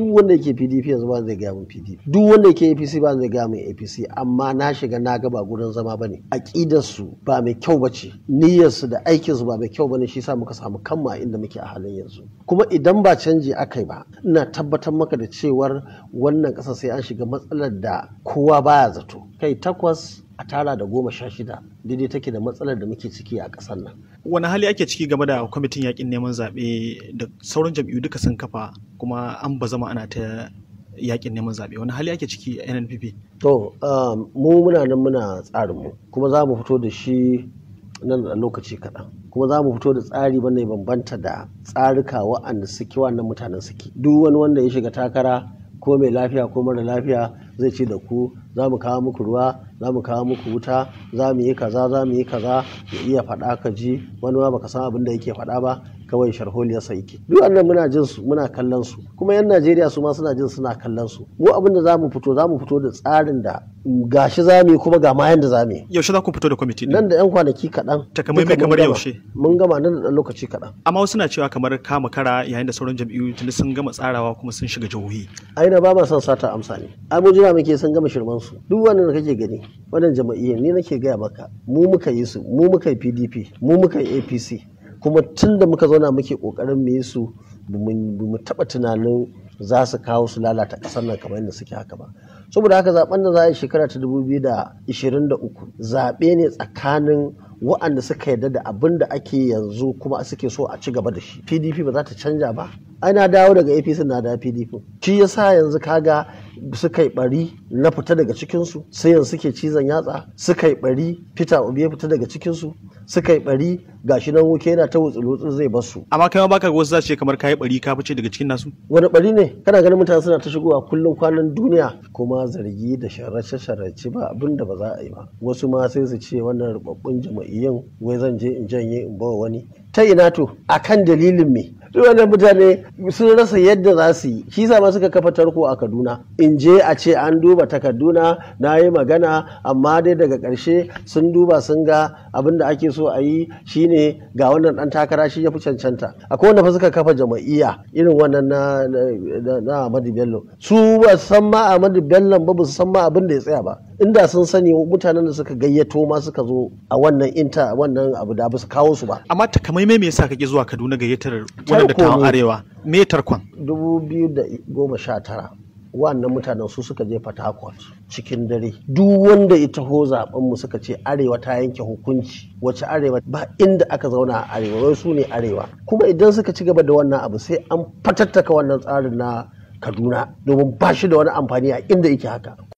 duk wanda yake pdp yanzu ba zai gaya min pdp duk wanda yake apc ba zai gaya min apc amma na shiga na ga ba gurin zama bane aƙidar su ba mai kyau bace niyyar su da aikin su ba mai kyau bane shi sa muka samu kanmu a inda muke a halin yanzu kuma idan ba canji akai ba ina tabbatar maka da cewar wannan ƙasa sai an shiga matsalar da kowa baya zato kai takwas a tara da goma sha shida daidai take da matsalar da muke ciki a ƙasar nan. Wani hali ake ciki game da kwamitin yakin neman zaɓe da sauran jam'iyyu duka sun kafa kuma an ba zama ana ta yakin neman zaɓe wani hali ake ciki a NNPP? To um, mu muna nan muna tsarinmu kuma za mu fito da shi nan a lokaci kaɗan kuma za mu fito da tsari wanda ya bambanta da tsarika wa'anda suke wannan mutanen suke duk wani wanda ya shiga takara ko mai lafiya ko mara lafiya zai ci da ku za mu kawo muku ruwa za mu kawo muku wuta za mu yi kaza za mu yi kaza ya iya faɗa ka ji wani ma baka san abin da yake faɗa ba kawai sharholiyarsa yake duk wannan muna jin su muna kallon su kuma yan Najeriya su ma suna jin suna kallon su mu abin da zamu fito zamu fito da tsarin da gashi zamu kuma ga ma yanda zamu yaushe za ku fito da kwamiti nan da yan kwanaki kaɗan takamaimai kamar yaushe mun gama nan da lokaci kaɗan amma wasu na cewa kamar kama kara yayin da sauran jam'iyyu tuni sun gama tsarawa kuma sun shiga jihohi A ina ba ma son sata amsa ne ai mu jira muke sun gama shirman su duk wannan da kake gani wannan jama'iyyar ni nake gaya maka mu muka yi su mu muka yi PDP mu muka yi APC kuma tun da muka zauna muke kokarin mu su mu taɓa tunanin za su kawo su lalata kasar nan kamar yadda suke haka ba saboda haka zaben da za a yi shekara ta 2023 zaɓe ne tsakanin wa'anda suka yarda da abin da ake yanzu kuma suke so a ci gaba da shi pdp ba za ta canja ba ana dawo daga apc na da pdp shi yasa yanzu kaga suka yi bari na fita daga cikinsu sai yanzu suke cizon yatsa suka yi bari fita obi ya fita daga cikinsu suka yi bari gashi nan wuke yana ta wutsulutsu zai bar su amma kai ma baka ga wasu zasu kamar kai bari ka fice daga cikin nasu wani bari ne kana ganin mutane suna ta shigowa kullum kwanan duniya kuma zargi da sharace sharace ba abin da ba za a yi ba wasu ma sai su ce wannan rubabbun jama'iyyan wai zan je in janye in bawa wani ta ina to akan dalilin me duk wannan mutane sun rasa yadda za su yi shi ma suka kafa tarko a kaduna in je a ce an duba kaduna na yi magana amma dai daga ƙarshe sun duba sun ga abin da ake so a yi shine ga wannan ɗan takara shi ya fi cancanta akwai wanda fa suka kafa jama'iyya irin wannan na Ahmadu Bello su ba san ma Ahmadu Bello ba ba su san ma abin da ya tsaya ba inda sun sani mutanen da suka gayyato ma suka zo a wannan inta wannan abu da su kawo su ba amma kamai me yasa kake zuwa Kaduna gayyatar wannan da tawon arewa me tarkon 2019 wannan mutanen su suka je Fatakwal cikin dare duk wanda ya taho zaben mu suka ce arewa ta yanke hukunci wace arewa ba inda aka zauna a arewa wai su ne arewa kuma idan suka ci gaba da wannan abu sai an fatattaka wannan tsarin na Kaduna domin bashi da wani amfani a inda yake haka